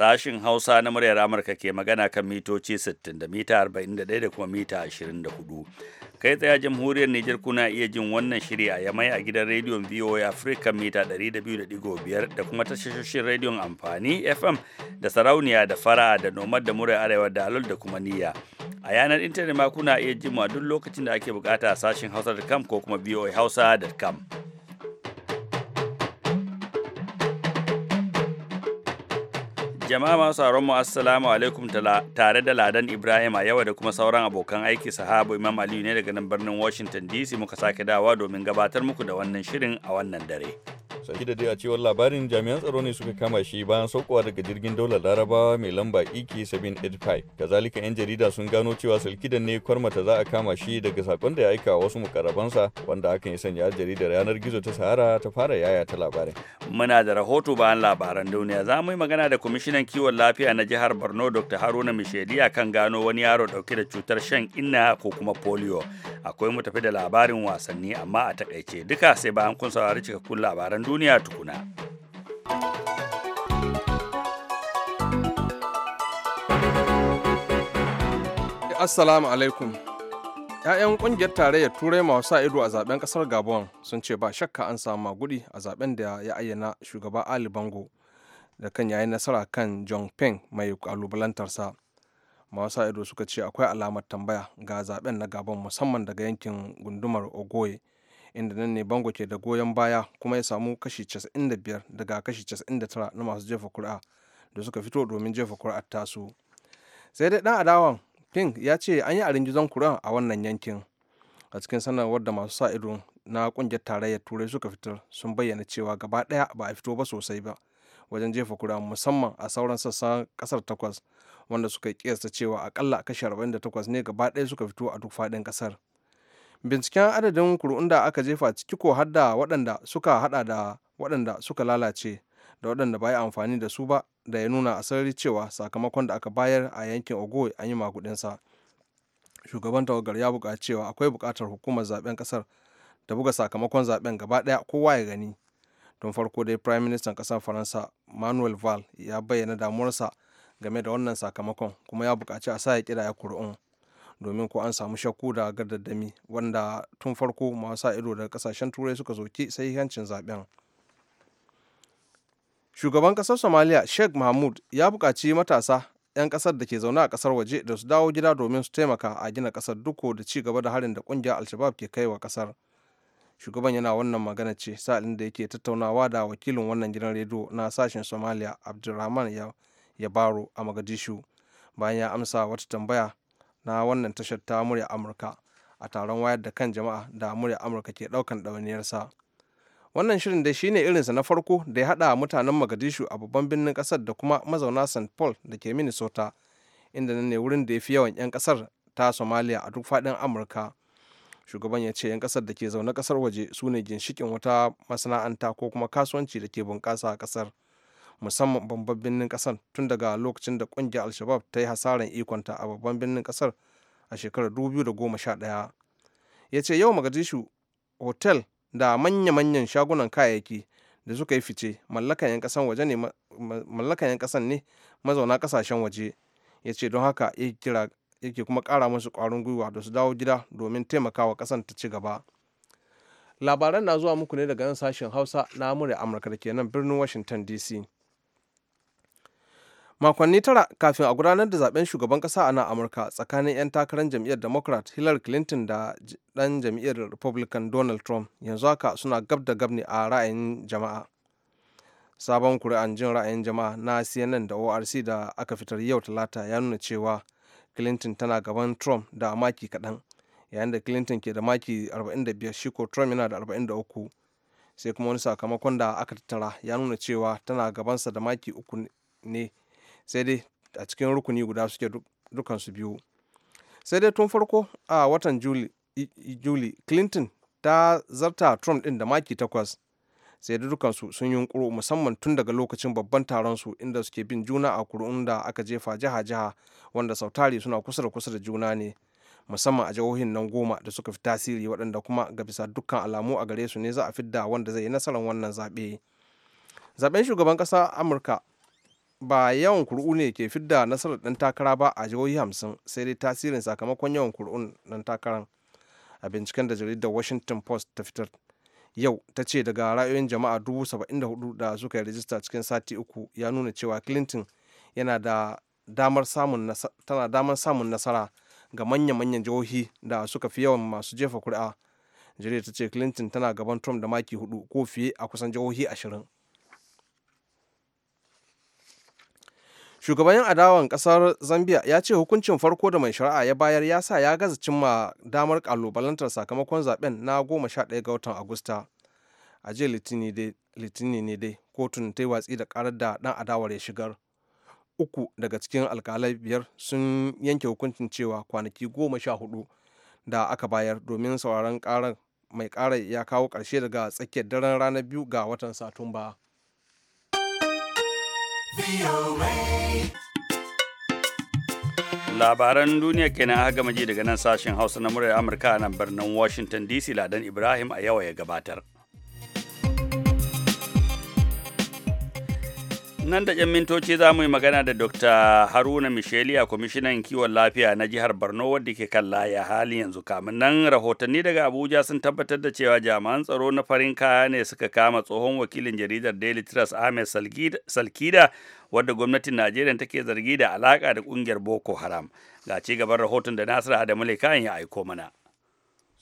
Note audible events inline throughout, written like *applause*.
Sashin Hausa na muryar Amurka ke magana kan mitoci 60 da mita 41 da kuma mita 24. Kai tsaya jamhuriyar Nijar kuna iya jin wannan shiri a yamai a gidan rediyon VOA Africa mita 200.5 da kuma tashoshin rediyon amfani FM da sarauniya da fara da nomad da muryar arewa da alul da kuma niyya. A yanar intanet ma kuna iya jin duk lokacin da ake bukata a sashin hausa.com ko kuma hausa.com Jama'a masu sauran mu assalamu alaikum tare da Ladan Ibrahim a yawa da kuma sauran abokan aiki sahabu Imam Aliyu ne daga nan birnin Washington DC muka sake dawa domin gabatar muku da wannan shirin a wannan dare. sai da dai a cewar labarin jami'an tsaro ne suka kama shi bayan saukowa daga jirgin daular larabawa mai lamba ek 785 kazalika yan jarida sun gano cewa silkidan ne kwarmata za a kama shi daga sakon da ya aika wasu mukarabansa wanda hakan ya sanya jaridar yanar gizo ta sahara ta fara yaya ta labarin muna da rahoto bayan labaran duniya za mu yi magana da kwamishinan kiwon lafiya na jihar borno dr haruna mishedi kan gano wani yaro dauke da cutar shan inna ko kuma polio akwai mu tafi da labarin wasanni amma a takaice duka sai bayan kun saurari cikakkun labaran duniya duniya tukuna. Assalamu alaikum. ‘Ya'yan ƙungiyar tarayyar Turai masu wasa ido a zaben ƙasar Gabon sun ce ba shakka an samu magudi a zaben da ya ayyana shugaba Ali Bango da kan yayi nasara kan John Peng mai kalubalantarsa. Masu ido suka ce akwai alamar tambaya ga zaben na Gabon musamman daga yankin gundumar Ogoye inda nan ne bango ke da goyon baya kuma ya samu kashi 95 daga kashi 99 na masu jefa kuri'a da suka fito domin jefa kuri'ar tasu sai dai dan adawan pink ya ce an yi a ringizon kuri'a a wannan yankin a cikin sanarwar da masu sa ido na kungiyar tarayyar turai suka fitar sun bayyana cewa gaba daya ba a fito ba sosai ba wajen jefa kuri'a musamman a sauran sassan kasar takwas wanda suka kiyasta cewa akalla kashi 48 ne gaba daya suka fito a duk fadin kasar binciken adadin kuri'un da aka jefa ciki ko har da waɗanda suka hada da waɗanda suka lalace da waɗanda ba amfani da su ba da ya nuna a sarari cewa sakamakon da aka bayar a yankin ogoy an yi makudinsa shugaban tawagar ya buƙaci cewa akwai buƙatar hukumar zaben ƙasar da buga sakamakon zaben gaba ɗaya kowa ya gani don farko dai prime minister ƙasar faransa manuel val ya bayyana damuwarsa game da wannan sakamakon kuma ya buƙaci a sa ya ƙidaya kur'un. domin ko an samu shakku da gardadami wanda tun farko masu ido daga kasashen turai suka sai sahihancin zaben shugaban kasar somaliya sheikh mahmud ya buƙaci matasa 'yan kasar da ke zaune a kasar waje da su dawo gida domin su taimaka a gina kasar duko da ci gaba da harin da ƙungiyar alshabab ke kaiwa wa kasar shugaban yana wannan magana ce sa'ilin da yake tattaunawa da wakilin wannan gidan rediyo na sashen somaliya abdulrahman ya baro a magadishu bayan ya amsa wata tambaya na wannan tashar ta murya amurka a taron wayar da kan jama'a da murya amurka ke ɗaukan ɗawainiyarsa wannan shirin dai shine irinsa na farko da ya hada mutanen magadishu a babban birnin kasar da kuma mazauna st paul da ke minnesota inda nan ne wurin da ya fi yawan 'yan kasar ta somalia a duk fadin amurka shugaban ya ce 'yan kasar da ke zaune kasar waje su ne ginshikin wata masana'anta ko kuma kasuwanci da ke bunƙasa a kasar. musamman babban birnin kasar tun daga lokacin da kungiyar alshabab shabab ta yi hasaran ikonta a babban birnin kasar a shekarar 2011 ya ce yau magadishu hotel da manya-manyan shagunan kayayyaki da suka yi fice mallakan 'yan kasan ne mazauna kasashen waje ya ce don haka yake kuma kara musu kwarin gwiwa da su dawo gida domin taimakawa kasan ta ci gaba labaran na zuwa muku ne daga nan sashen hausa na amurka amurka da ke nan birnin washington dc makonni tara kafin a gudanar da zaben shugaban kasa a nan amurka tsakanin 'yan takarar jam'iyyar democrat hillary clinton da dan jam'iyyar republican donald trump yanzu haka suna gab da gab ne a ra'ayin jama'a sabon kuri'an jin ra'ayin jama'a na cnn da orc da aka fitar yau talata ya nuna cewa clinton tana gaban trump da maki kaɗan yayin da clinton ke da maki 45 shi ko trump yana da 43 sai kuma wani sakamakon da aka tattara ya nuna cewa tana gabansa da maki uku ne sai dai a cikin rukuni guda suke su biyu sai dai tun farko a watan juli clinton ta zarta trump din da maki takwas sai da dukansu sun yunkuro musamman tun daga lokacin babban taron su inda suke bin juna a kurun da aka jefa jiha-jiha wanda sautari suna kusa da kusa da juna ne musamman a jihohin nan goma da suka fi tasiri waɗanda kuma ga bisa dukkan alamu a gare su ne za a fidda wanda zai yi nasarar wannan zaɓe zaɓen shugaban ƙasa amurka ba yawan kuri'u ne ke fidda nasarar ɗan takara ba a jihohi hamsin sai dai tasirin sakamakon yawan kuri'un ɗan takaran a binciken da jaridar washington post ta fitar yau ta ce daga ra'ayoyin jama'a dubu da suka yi rajista cikin sati uku ya nuna cewa clinton yana da damar samun tana damar samun nasara ga manya-manyan jihohi da suka fi yawan masu jefa kuri'a jaridar ta ce clinton tana gaban trump da maki hudu ko fiye a kusan jihohi ashirin shugaban adawan kasar zambia ya ce hukuncin farko da mai shari'a ya bayar ya sa ya gaza cimma damar kalubalantar sakamakon zaben na 11 ga watan agusta a jiya litini ne dai kotun ta yi watsi da karar da dan adawar ya shigar uku daga cikin alkalai biyar sun yanke hukuncin cewa kwanaki goma sha hudu da aka bayar domin sauraron karar mai karar ya kawo ƙarshe daga tsakiyar daren ranar biyu ga watan satumba Labaran duniya kenan aka ji daga nan sashen Hausa na muryar Amurka a nan birnin Washington DC Ladan Ibrahim a yawa ya gabatar. nan da 'yan mintoci za mu yi magana da dr haruna a kwamishinan kiwon lafiya na jihar borno wadda ke kan laya hali yanzu kamun nan rahotanni daga abuja sun tabbatar da cewa jami'an tsaro na farin kaya ne suka kama tsohon wakilin jaridar daily trust ahmed salkida wadda gwamnatin najeriya take zargi da alaka da kungiyar boko haram ga ci gaban rahoton da nasiru adamu ya aiko mana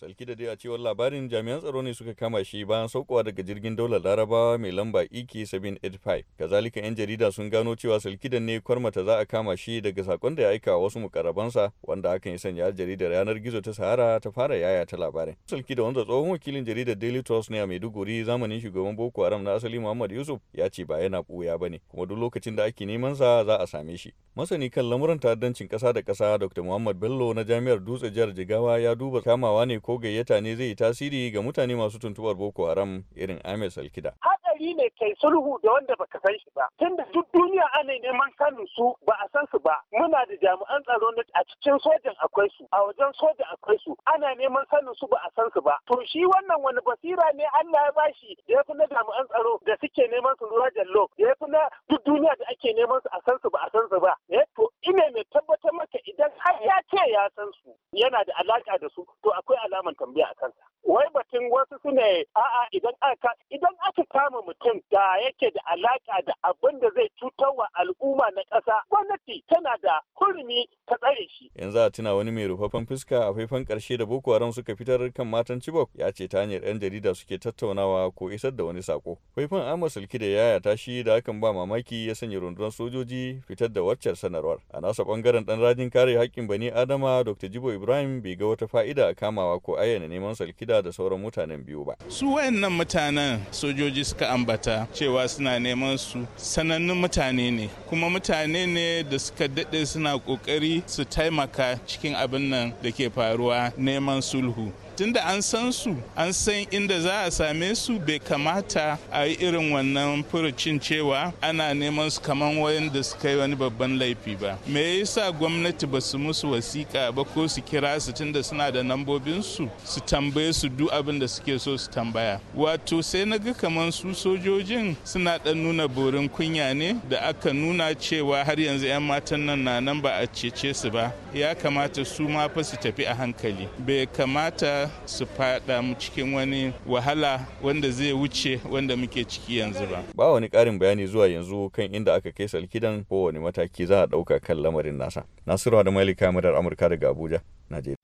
Salki da dai a cewar labarin jami'an tsaro ne suka kama shi bayan saukowa daga jirgin daular larabawa mai lamba ek 785. Kazalika 'yan jarida sun gano cewa salkidan ne kwarmata za a kama shi daga sakon da ya aika wasu mukarabansa wanda hakan ya sanya jaridar yanar gizo ta Sahara ta fara yaya ta labarin. salki da wanda tsohon wakilin jaridar Daily Trust ne a Maiduguri zamanin shugaban Boko Haram na asali Muhammad Yusuf ya ce ba yana ɓuya ba ne kuma duk lokacin da ake neman sa za a same shi. Masani kan lamuran ta'addancin kasa da ƙasa Dr. Muhammad Bello na Jami'ar Dutse Jihar Jigawa ya duba kamawa ne ko gayyata ne zai yi tasiri ga mutane masu tuntubar Boko Haram irin ames alkida. hali ne kai sulhu da wanda baka san shi ba tunda duk duniya ana neman sanin su ba a san su ba muna da jami'an tsaro na a cikin sojan akwai su a wajen sojan akwai su ana neman sanin su ba a san su ba to shi wannan wani basira ne Allah ya bashi da ya na jami'an tsaro da suke neman su lura jallo da ya na duk duniya da ake neman su a san su ba a san su ba eh to ina mai tabbatar maka idan har ya ce ya san su yana da alaka da su to akwai alaman tambaya a kansa wai batun wasu su ne a'a idan aka idan aka kama mutum da yake da alaka da abin da zai cutar wa al'umma na ƙasa gwamnati tana da kurmi ta tsare shi. Yanzu a tuna wani mai rufaffen fuska a faifan ƙarshe da Boko Haram suka fitar kan matan Chibok ya ce ta hanyar 'yan jarida suke tattaunawa ko isar da wani sako. Faifan Ahmad Sulki da yaya ta da hakan ba mamaki ya sanya rundunar sojoji fitar da waccan sanarwar. A nasa bangaren ɗan rajin kare haƙƙin bani Adama Dr. Jibo Ibrahim bai ga wata fa'ida a kamawa ko ayyana neman Salkida da sauran mutanen biyu ba. Su wayannan mutanen sojoji sojoji suka ambata cewa suna neman su sanannun mutane ne kuma mutane ne da suka daɗe suna ƙoƙari su taimaka cikin abin nan da ke faruwa neman sulhu Tun da an san su an san inda za a same su bai kamata a yi irin wannan furucin cewa ana neman su kaman wayanda su kai wani babban laifi ba me yasa gwamnati ba su musu wasiƙa ba ko su kira su tunda suna da nambobin su su tambaye su duk abin da suke so su tambaya wato sai na ga kaman su sojojin suna dan nuna borin kunya ne da aka nuna cewa har yanzu 'yan matan nan na nan ba a cece su ba ya kamata su ma fa su tafi a hankali bai kamata su fada mu cikin wani wahala wanda zai wuce wanda muke ciki yanzu ba. Ba wani ƙarin bayani zuwa yanzu kan inda aka kai salkidan wani mataki za a ɗauka kan lamarin nasa. Nasiru da Malika Amurka daga Abuja, Najeriya.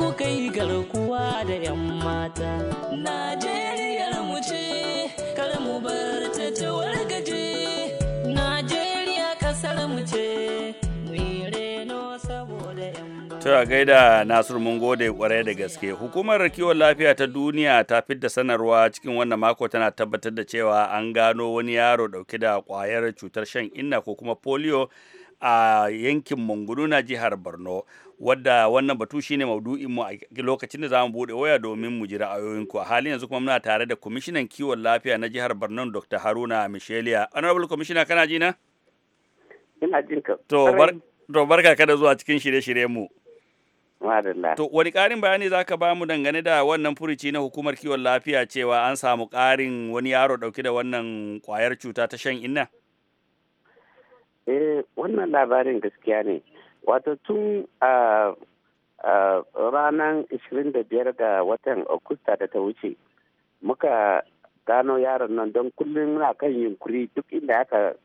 Ku garkuwa da 'yan mata. To a gaida Nasir mun gode kwarai da gaske. Hukumar kiwon lafiya ta duniya ta fidda sanarwa cikin wannan mako tana tabbatar da cewa an gano wani yaro dauke da kwayar cutar shan inna ko kuma polio a yankin Mungunu na jihar Borno. Wadda wannan batu shine maudu'in mu a lokacin da za mu bude waya domin mu ji ra'ayoyinku. A halin yanzu kuma muna tare da kwamishinan kiwon lafiya na jihar Borno Dr. Haruna Michelia. Honorable Commissioner kana ji na? Ina jinka. To barka kada zuwa cikin shirye-shiryen mu. To wani ƙarin bayani za ka mu dangane da wannan furuci na hukumar kiwon lafiya cewa an samu ƙarin wani yaro ɗauki da wannan ƙwayar cuta ta shan inna? Eh, wannan labarin gaskiya ne. Wato tun a ranar 25 ga watan Agusta da ta wuce muka gano yaron nan don kullum na kan yunkuri duk inda aka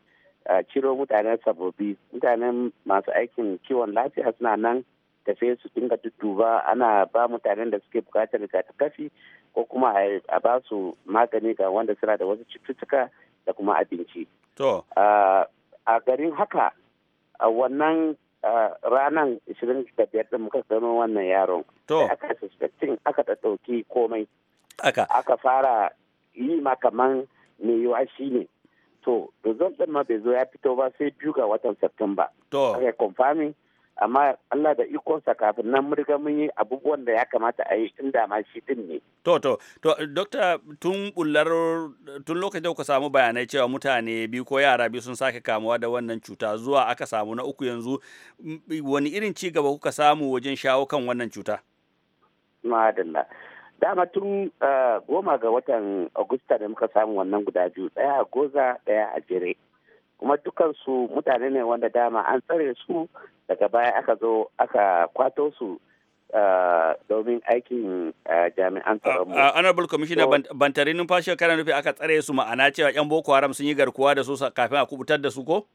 ciro mutanen sabobi mutanen masu aikin kiwon lafiya suna nan tafiye su dinga dudduba ana ba mutanen da suke bukatar rigakafi ko kuma a ba su magani ga wanda suna da wasu cututtuka da kuma abinci. A garin haka a wannan ranan 25 da muka gano wannan yaron. To. Aka suspectin aka ɗauki komai. Aka. fara yi makaman mai yiwa shi ne. To, result ɗin ma bai zo ya fito ba sai biyu ga watan Satumba. To. Aka confirming amma Allah da ikonsa kafin nan mun riga mun yi abubuwan da ya kamata a yi inda ma shi din ne. To to to dokta tun bullar tun lokacin da kuka samu bayanai cewa mutane biyu ko yara biyu sun sake kamuwa da wannan cuta zuwa aka samu na uku yanzu wani irin ci gaba kuka samu wajen shawo kan wannan cuta? Madalla. Dama tun ah, goma ga watan Agusta da muka samu wannan guda biyu ɗaya a Goza ɗaya a Jere. kuma dukansu mutane ne wanda dama an tsare su daga baya aka zo aka kwato su ah, domin aikin ah, jami'an tsaron mu. Ah, Honorable Commissioner ban tare numfashi kana nufi aka tsare su ma'ana cewa 'yan Boko Haram sun yi garkuwa da su kafin a kubutar da su ko?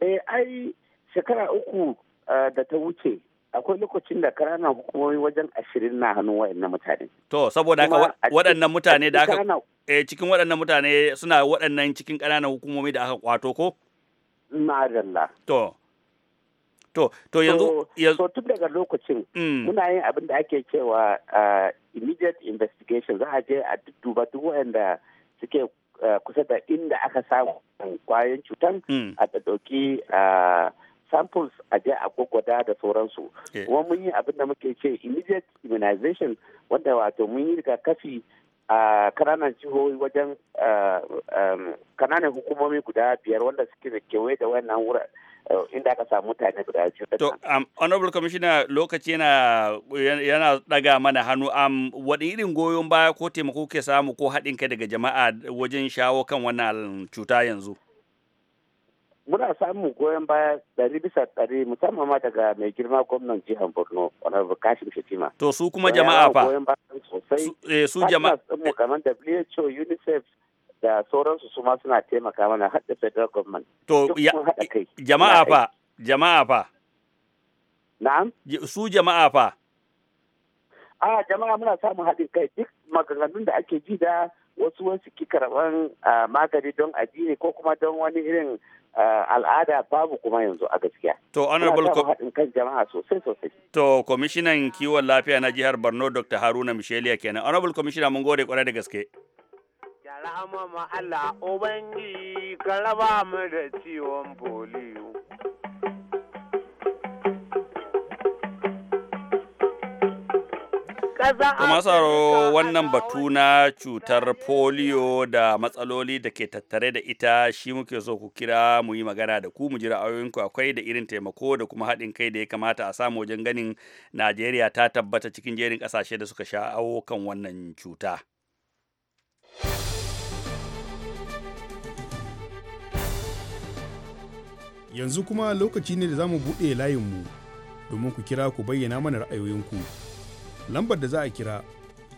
Eh ai shekara uku da ta wuce akwai lokacin da ƙananan hukumomi wajen ashirin na hannun waɗannan mutane. To, saboda haka waɗannan mutane da aka eh, cikin waɗannan mutane suna waɗannan cikin ƙananan hukumomi da aka kwato ko? Madalla. To, to, to yanzu. So, tun daga lokacin mm. muna yin abin da ake cewa immediate investigation za a je a duba duk waɗanda suke kusa da inda aka samu kwayoyin cutan mm. a ɗauki samples a je a gwaggwada da sauransu eh. kuma mun yi abin da muke ce immediate immunization wanda wato mun yi rigakafi a kananan jihohi wajen kananan hukumomi guda biyar wanda suke da kewaye da wannan wura inda aka samu mutane guda biyu. To, um, Honorable Commissioner lokaci yana, yana daga mana hannu am um, wani irin goyon baya ko taimako ke samu ko haɗin kai daga jama'a wajen shawo kan wannan cuta yanzu? muna samun goyon baya ɗari bisa ɗari musamman ma daga mai girma gwamnan jihar borno wani honorable kashim shetima to su kuma jama'a fa su eh, jama'a kamar who unicef da sauransu su ma suna taimaka mana hadda federal government to jama'a fa jama'a fa na'am su jama'a fa a ah, jama'a muna samun haɗin kai duk maganganun da ake ji da wasu wasu ki karban magani don addini ko kuma don wani irin al'ada babu kuma yanzu a gaskiya. To honorable ko haɗin kan jama'a sosai sosai. To kwamishinan kiwon lafiya na jihar Borno Dr. Haruna Misheliya kenan. Honorable commissioner mun gode kwarai da gaske. Jara ma Allah ubangi karaba mu da ciwon polio. Kuma tsaro wannan batu na cutar polio da matsaloli da ke tattare da ita shi muke so ku kira mu yi magana da ku mu ji ra'ayoyinku akwai da irin taimako da kuma haɗin kai da ya kamata a samu wajen ganin Najeriya ta tabbata cikin jerin ƙasashe da suka sha'awo kan wannan cuta. Yanzu kuma lokaci ne da za mu buɗe layinmu domin ku kira ku bayyana mana ra'ayoyinku. lambar da za a kira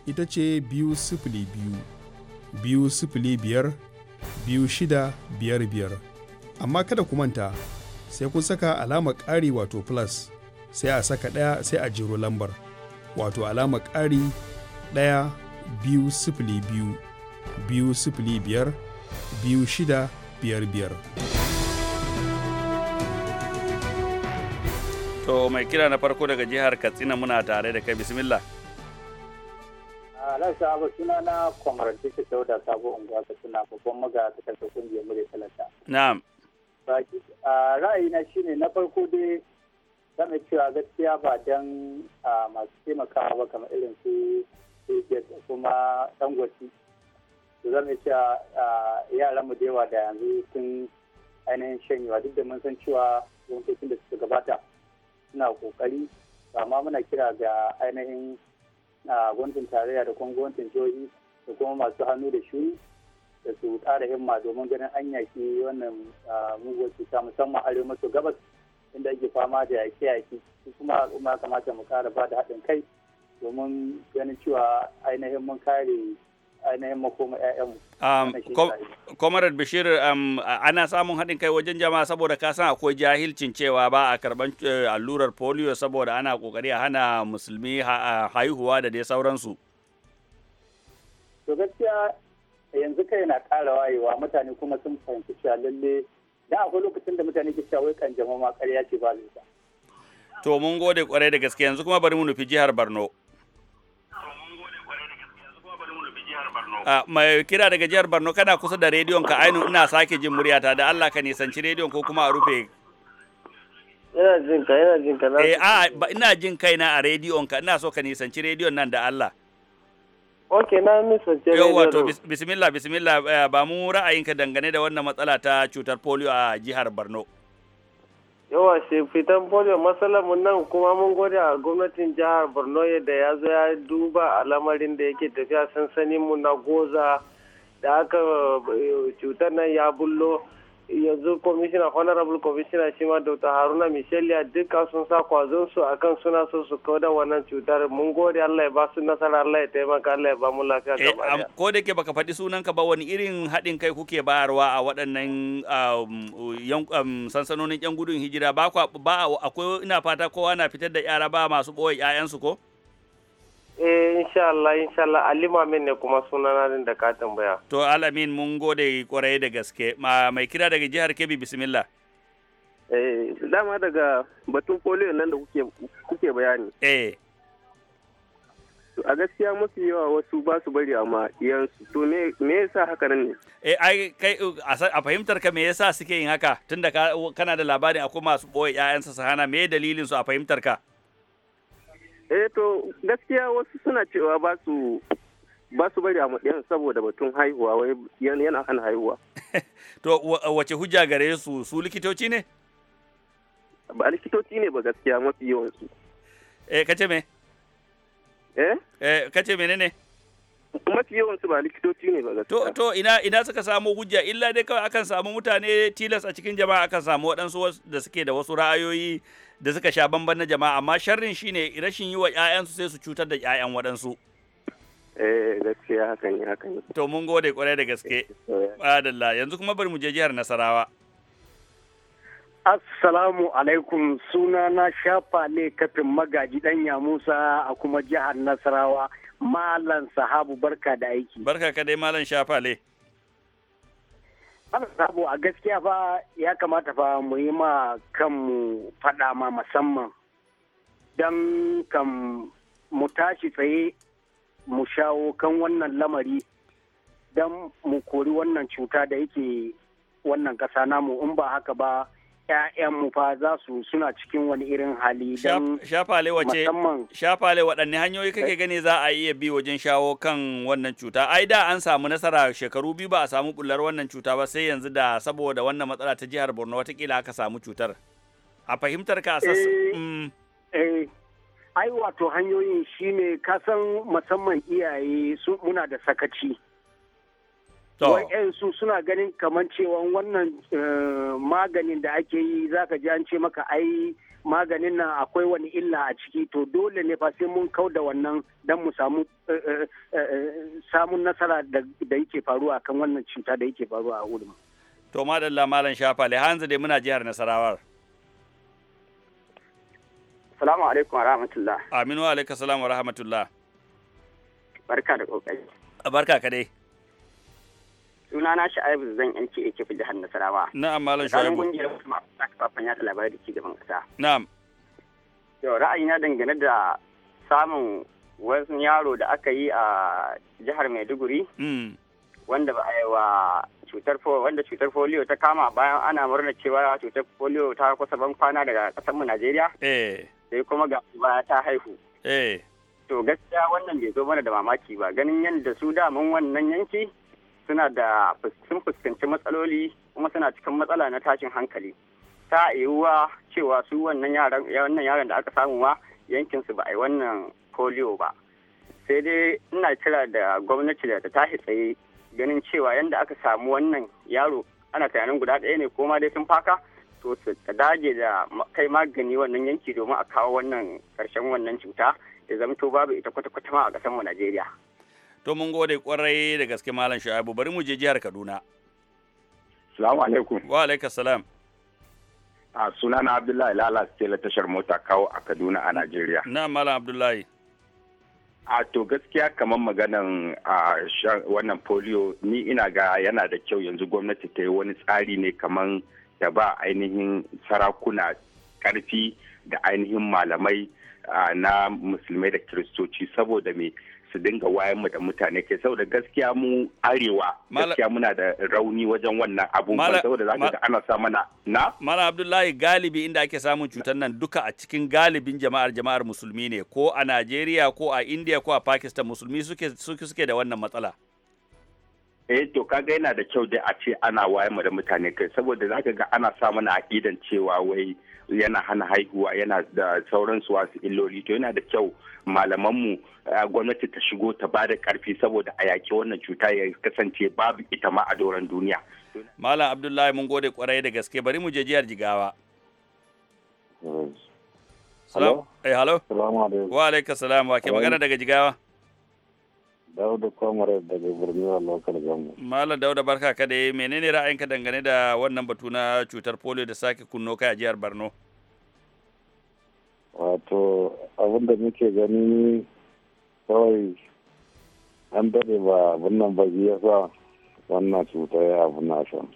ita ce biyu sifili biyu biyu sifili biyar biyu shida biyar amma kada ku manta sai kun saka alamar ƙari wato plus sai a saka ɗaya sai a jiro lambar wato alamar ƙari ɗaya biyu sifili biyu biyu sifili biyar biyu shida To mai kira na farko daga jihar Katsina muna tare da kai bismillah. Alhaji Abu suna na kwamaranci ta da sabo unguwa ta suna babban maga ta kasa kungiyar mure talata. Na'am. Ra'ayina shine na farko dai zama cewa gaskiya ba dan masu taimakawa ba kamar irin su kuma dangwaci zama cewa yaran mu da yawa da yanzu sun ainihin shanyewa duk da mun san cewa yankokin da suka gabata suna kokari amma muna kira ga ainihin gwamnatin tarayya da kuma gwamnatin jihohi da kuma masu hannu da shuni da su tsara himma domin ganin an yaki wannan muguwar cuta musamman arewa maso gabas inda ake fama da yaki yaki su kuma al'umma kamata mu kara ba da haɗin kai domin ganin cewa ainihin mun kare ainihin makoma Comrade Bashir, ana samun haɗin kai wajen jama'a saboda ka san akwai jahilcin cewa ba a karɓar eh, allurar polio saboda ana ƙoƙari a hana musulmi haihuwa da dai sauransu. To gaskiya yanzu kai na ƙara wayewa mutane kuma sun fahimci cewa lalle da akwai lokacin da mutane ke cewa wai kan jama'a ma ƙarya ce ba zai To mun gode kwarai da gaske yanzu kuma bari mu nufi jihar barno. Ah, mai kira daga jihar Borno kana kusa da rediyon ka ainu ina sake jin muryata da Allah ka nisanci rediyon ko kuma a rufe ina jin ka ina jin ka na eh ah, a ina jin na a rediyon ka ina so ka nisanci rediyon nan da Allah Ok, na nisanci rediyon. Yawwa, to bismillah, bismillah, eh, ba mu ra'ayinka dangane da wannan matsala ta cutar polio a jihar Borno. yawa shi fitan polio matsalar mu nan kuma mun gode a gwamnatin jihar borno da ya zo ya duba a lamarin da yake tafiya sansanin mu na goza da aka eh, cutar nan ya bullo yanzu komishina honorable komishina shi ma dr haruna michelia duka sun sa kwazon su akan suna so su kawo da wannan cutar mun gode allah ya ba su nasara allah ya taimaka allah ya ba mu lafiya eh, gaba ko da ke baka faɗi sunan ka ba wani irin haɗin kai kuke bayarwa a waɗannan um, um, sansanonin yan gudun hijira ba akwai ina fata kowa na fitar da yara ba masu ɓoye 'ya'yansu ko Eh insha Allah insha Allah min ne kuma sunana din da ka tambaya. To Alamin mun gode kwarai da gaske mai kira daga jihar Kebbi bismillah. Eh dama daga batun polio nan da kuke kuke bayani. Eh. A gaskiya mafi yawa wasu ba su bari amma yansu to me me yasa haka nan ne? Eh ai kai a fahimtar ka me yasa suke yin haka tunda kana da labarin akwai masu boye 'ya'yansa su hana me dalilin su a fahimtar ka? eh to gaskiya wasu suna cewa ba su ba su bari a matsayin saboda batun haihuwa wai yana hana haihuwa *laughs* to wace hujja gare su su likitoci ne ba likitoci ne ba gaskiya mafi yawan su eh kace me eh eh kace menene mafi yawan su ba likitoci ne ba gaskiya to to ina ina suka samu hujja illa dai kawai akan samu mutane tilas a cikin jama'a akan samu waɗansu da suke da wasu ra'ayoyi da suka sha bamban na jama'a amma sharrin shine rashin yi wa 'ya'yansu sai su cutar da 'ya'yan waɗansu eh gaskiya hakan ne hakan to mun gode kwarai da gaske eh, adalla yanzu kuma bari mu je jihar Nasarawa Assalamu alaikum suna na shafa ne kafin magaji dan ya Musa a kuma jihar Nasarawa Malam Sahabu barka da aiki. Barka ka dai Malam ne. sabo a gaskiya fa ya kamata fa mu yi ma kanmu faɗa ma musamman don kan mu tashi tsaye mu shawo kan wannan lamari don mu kori wannan cuta da yake wannan ƙasa namu in ba haka ba mu fa za su suna cikin wani irin hali don shafale wace shafale waɗanne hanyoyi kake gani za a iya bi wajen shawo kan wannan cuta ai da an samu nasara shekaru biyu ba a samu bullar wannan cuta ba sai yanzu da saboda wannan matsala ta jihar Borno watakila aka samu cutar a fahimtar ka asas eh, mm. eh, ai wato hanyoyin shine kasan musamman iyaye su muna da sakaci wa'yansu suna ganin kamar cewa wannan eh, maganin da ake yi zaka ji an ce maka ai maganin nan akwai wani illa a ciki to dole ne fa sai mun kau da wannan don mu samu eh, eh, samun nasara da yake faruwa kan wannan cuta da yake faruwa a wurin. To madalla malam shafa hanzu dai muna jihar Nasarawar. Salamu alaikum wa rahmatullah. Aminu alaikum salamu wa rahmatullah. Barka da kokari. Barka ka dai. sunana sha'ibu zan yanke ke fi jihar nasarawa na'am malam sha'ibu kungiyar masu ta kafafen yada labarai da ci gaban kasa na'am yau na dangane da samun wasu yaro da aka yi a jihar maiduguri hmm. wanda ba a yi wa cutar wanda cutar polio ta kama bayan ana murna cewa cutar polio ta kusa ban kwana daga kasar mu najeriya eh. sai kuma ga baya ta haihu eh. to gaskiya wannan bai zo mana da mamaki ba ganin yadda su da mun wannan yanki suna da sun fuskanci matsaloli kuma suna cikin matsala na tashin hankali ta yiwuwa cewa su wannan yaran da aka samu wa yankinsu ba a yi wannan polio ba sai dai ina kira da gwamnati da ta tashi tsaye ganin cewa yadda aka samu wannan yaro ana tunanin guda ɗaya ne ko ma dai sun faka to su dage da kai magani wannan yanki domin a kawo wannan karshen wannan cuta ya zamto babu ita kwata-kwata ma a ƙasar mu Najeriya. to mun gode kwarai da gaske malam shu'aibu bari mu je jihar kaduna salamu alaikum wa alaikum salam a sunana abdullahi lala stela tashar mota kawo a kaduna a najeriya na malam abdullahi a to gaskiya kamar maganan a wannan polio ni ina ga yana da kyau yanzu gwamnati ta yi wani tsari ne kamar da ba ainihin sarakuna karfi da ainihin malamai na musulmai da kiristoci saboda me su dinga wayan mu da mutane ke saboda gaskiya mu arewa gaskiya muna da rauni wajen wannan abun saboda ka ga ana sa mana na Mala Abdullahi galibi inda ake samun cutar nan duka a cikin galibin jama'ar jama'ar musulmi ne ko a Najeriya ko a India ko a Pakistan musulmi suke suke, suke da wannan matsala eh to kaga yana da kyau dai a ce ana wayan mu da mutane kai saboda za ga ana sa mana aqidan cewa wai yana hana haihuwa yana da sauran su wasu illoli to yana da kyau malamanmu eh, gwamnati ta shigo ta ba da karfi saboda a yaƙi wannan cuta ya kasance babu ita ma a doron duniya. Malam Abdullahi mun gode kwarai da gaske bari mu je jihar Jigawa. Eh. Hello. Eh, hello. Wa alaikum salam wa ke magana daga Jigawa. Dauda Kwamare daga Birniwa lokacin Government. Malam Dauda barka ka dai menene ra'ayinka dangane da wannan batu na cutar polio da sake kunno kai a jihar Borno? Wato abin da muke gani kawai an daɗe ba abin nan ba ya sa wannan cuta ya abu na shan.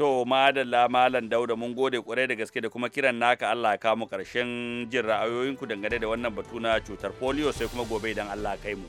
To madalla malam Dauda mun gode kwarai da gaske da kuma kiran naka Allah ya kamu karshen jin ra'ayoyinku dangane da wannan batu na cutar polio sai kuma gobe idan Allah kai mu.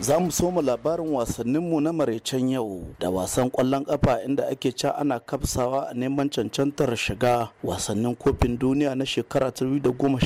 za mu soma labarin wasanninmu na maraicen yau da wasan kwallon kafa inda ake ca ana kafsawa a neman cancantar shiga wasannin kofin duniya na shekara ta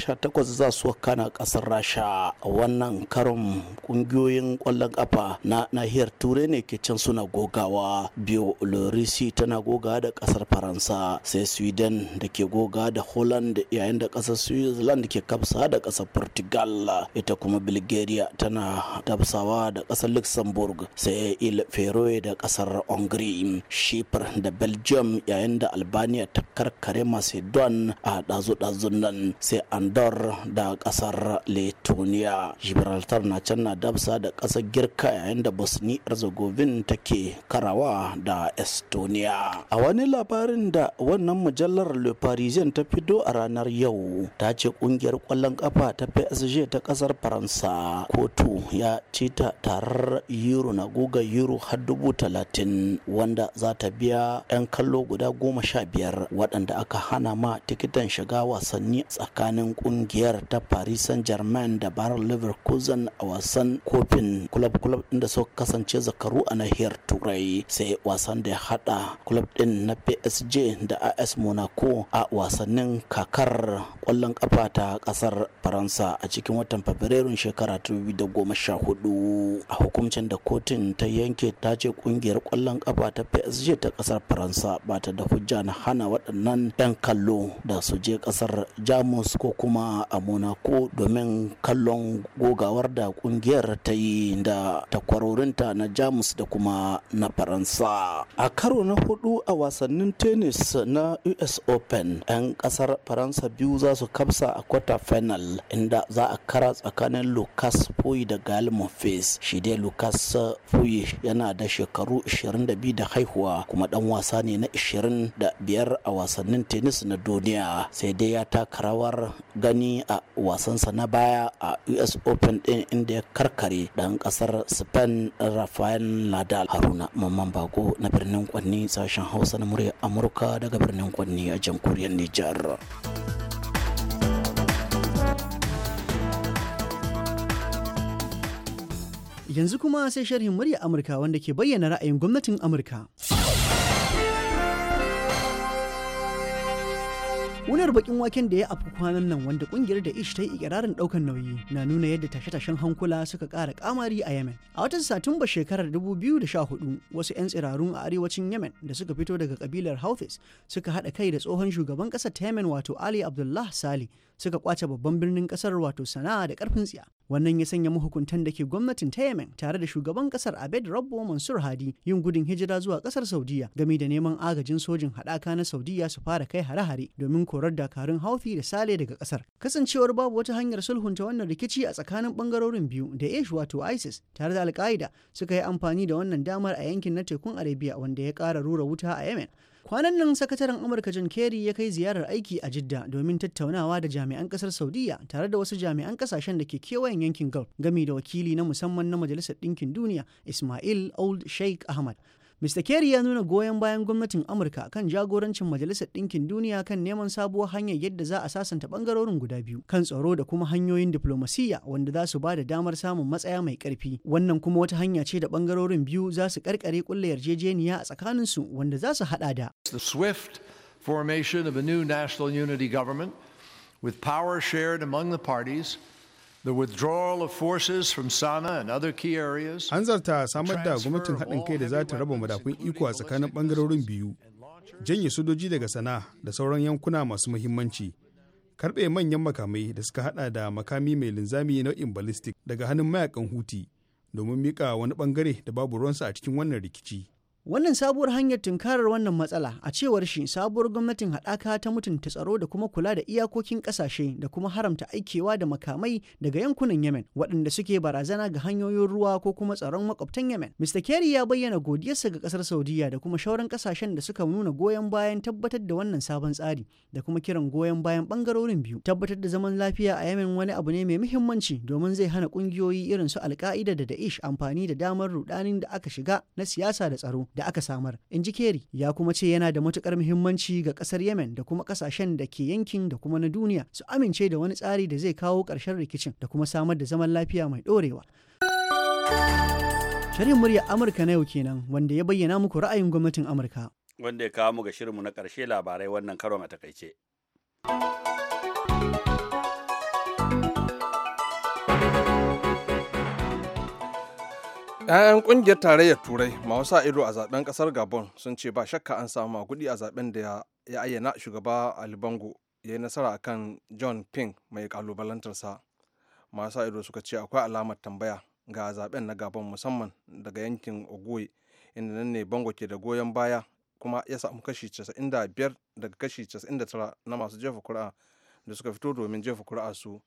sha 2018 za su kana kasar rasha wannan karin kungiyoyin kwallon kafa na nahiyar turai ne ke can suna gogawa biyu lorisi tana gogawa da kasar faransa sai sweden da ke gogawa da holland yayin da kasar switzerland ke kafsa da kasar portugal ita kuma bulgaria tana kafsawa da kasar luxembourg sai il feroe da kasar hungary shifar da belgium yayin da albania ta karkare macedon a dazu-dazun nan sai andor da kasar letonia gibraltar na can na dabsa da kasar girka yayin da bosnia herzegovina take karawa da estonia a wani labarin da wannan mujallar le parisien ta fido a ranar yau ta ce kungiyar kwallon kafa ta psg ta kasar faransa kotu ya cita ta tarar euro na guga euro har dubu talatin wanda za ta biya 'yan kallo guda goma sha biyar waɗanda aka hana ma tikitan shiga wasanni tsakanin ƙungiyar ta paris saint germain da bar leverkusen a wasan kofin club club da suka kasance zakaru a nahiyar turai sai wasan da ya hada club din na psg da as monaco a wasannin kakar kwallon kafa ta kasar faransa a cikin watan fabrairun shekara 2014 a hukuncin da kotun ta yanke ta ce kungiyar kwallon kafa ta PSG ta kasar Faransa ba ta da hujja na hana waɗannan 'yan kallo da su je kasar Jamus ko kuma a Monaco domin kallon gogawar da kungiyar ta yi da takwarorinta na Jamus da kuma na Faransa. A karo na hudu a wasannin tennis na US Open 'yan kasar Faransa biyu za su kafsa a quarter final inda za a kara tsakanin Lucas Poy da Gael Monfils. shi dai Lucas fuyi yana da shekaru 22 da haihuwa kuma dan wasa ne na 25 a wasannin tennis na duniya sai dai ya taka rawar gani a wasansa na baya a US Open din inda ya karkare dan kasar Spain Rafael Nadal Haruna Mamman Bako na birnin Kwanni sashen Hausa na murya Amurka daga birnin Kwanni a jamhuriyar Nijar. Yanzu kuma sai sharhin murya Amurka wanda ke bayyana ra'ayin gwamnatin Amurka. Wunar bakin waken da ya afu kwanan nan wanda kungiyar da ish ta yi ikirarin daukan nauyi na nuna yadda tashe-tashen hankula suka kara kamari a Yemen. A watan Satumba shekarar 2014 wasu 'yan tsirarun a arewacin Yemen da suka fito daga kabilar Houthis suka haɗa kai da tsohon shugaban ƙasar ta Yemen wato Ali Abdullah Sali suka kwace babban birnin kasar wato sana'a da karfin tsiya wannan ya sanya mahukuntan da ke gwamnatin ta yemen tare da shugaban kasar abed rabbo mansur hadi yin gudun hijira zuwa kasar saudiya game da neman agajin sojin hadaka na saudiya su fara kai hare-hare domin korar dakarun haufi da sale daga kasar kasancewar babu wata hanyar sulhunta wannan rikici a tsakanin bangarorin biyu da ish wato isis tare da alka'ida suka yi amfani da wannan damar a yankin na tekun arabia wanda ya kara rura wuta a yemen kwanan nan sakataren amurka john kerry ya kai ziyarar aiki a jidda domin tattaunawa da jami'an kasar saudiya tare da wasu jami'an kasashen da ke kewayen yankin gulf gami da wakili na musamman na majalisar ɗinkin duniya ismail old sheikh ahmad Mr. Kerry ya nuna goyon bayan gwamnatin Amurka kan jagorancin Majalisar Ɗinkin Duniya kan neman sabuwar hanyar yadda za a sasanta bangarorin guda biyu kan tsaro da kuma hanyoyin diplomasiyya wanda za su ba da damar samun matsaya mai ƙarfi. Wannan kuma wata hanya ce da bangarorin biyu za su karkare kulle yarjejeniya a tsakaninsu wanda za su haɗa da. The swift formation of a new national unity government with power shared among the parties An zarta samar da gwamnatin haɗin kai da za ta raba madafun iko a tsakanin ɓangarorin biyu, janye sojoji daga sana da sauran yankuna masu muhimmanci, karɓe manyan makamai da suka haɗa da makami mai linzami nau'in ballistic daga hannun mayakan huti domin miƙa wani ɓangare da babu ruwansa a cikin wannan rikici. Wannan sabuwar hanyar tunkarar wannan matsala a cewar shi sabuwar gwamnatin haɗaka ta mutunta tsaro da kuma kula da iyakokin ƙasashe da kuma haramta aikewa da makamai daga yankunan Yemen waɗanda suke barazana ga hanyoyin ruwa ko kuma tsaron makwabtan Yemen. Mr. Kerry ya bayyana godiyarsa ga ƙasar Saudiya da kuma shauran ƙasashen da suka nuna goyon bayan tabbatar da wannan sabon tsari da kuma kiran goyon bayan ɓangarorin biyu. Tabbatar da zaman lafiya a Yemen wani abu ne mai muhimmanci domin zai hana ƙungiyoyi irin su alka'ida da Da'ish amfani da damar rudanin da aka shiga na siyasa da tsaro. da aka samar in ji keri ya kuma ce yana da matukar muhimmanci ga kasar yemen da kuma kasashen da ke yankin da kuma na duniya su amince da wani tsari da zai kawo ƙarshen rikicin da kuma samar da zaman lafiya mai ɗorewa. Shirin murya Amurka na yau kenan wanda ya bayyana muku ra'ayin gwamnatin Amurka. Wanda ya kawo mu ga shirinmu na karshe, labarai wannan karon a takaice. 'Ya'yan kungiyar tarayyar Turai masu sa ido a zaben kasar Gabon sun ce ba shakka an samu kudi a zaben da ya ayyana shugaba Ali Bango ya yi nasara kan John Ping mai kalubalantarsa. Masu sa ido suka ce akwai alamar tambaya ga zaben na Gabon musamman daga yankin Ogoye inda nan ne bango ke da goyon baya kuma ya samu kashi 95 daga kashi 99 na masu jefa kuri'a da suka fito domin jefa kuri'a su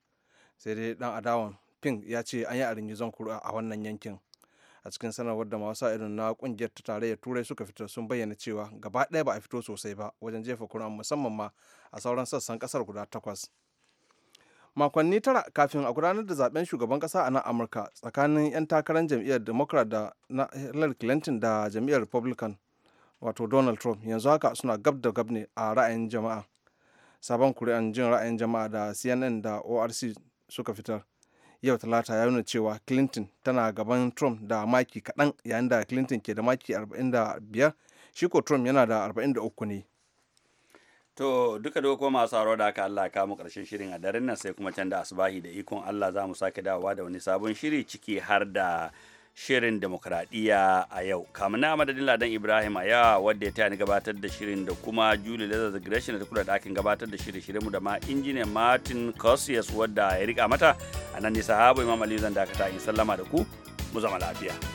sai dai dan adawan Ping ya ce an yi a kuri'a a wannan yankin. a cikin sanarwar da masu irin na kungiyar ta tarayyar turai suka fitar sun bayyana cewa gaba ɗaya ba a fito sosai ba wajen jefa kuri'an musamman ma a sauran sassan kasar guda takwas makonni tara kafin a gudanar da zaben shugaban kasa a nan amurka tsakanin 'yan takarar jam'iyyar democrat da na hillary clinton da jam'iyyar republican wato donald trump yanzu haka suna gab da gab ne a ra'ayin jama'a sabon kuri'an jin ra'ayin jama'a da cnn da orc suka fitar yau talata ya nuna cewa clinton tana gaban trump da maki kaɗan yayin da clinton ke da maki 45 shi ko trump yana da 43 ne To duka da kuma masu haro da aka Allah kamu karshen shirin a daren nan sai kuma can da asubahi da ikon Allah za mu sake dawowa da wani sabon shiri ciki har da shirin demokradiyya a yau kamun na madadin ladan ibrahim a yawa wadda ya taya ni gabatar da shirin da kuma julie lazar gresham da kula da ɗakin gabatar da shirin shirin mu da ma injiniyan martin cosius wadda ya rika mata a nan nisa habu imam aliyu zan dakata in sallama da ku mu zama lafiya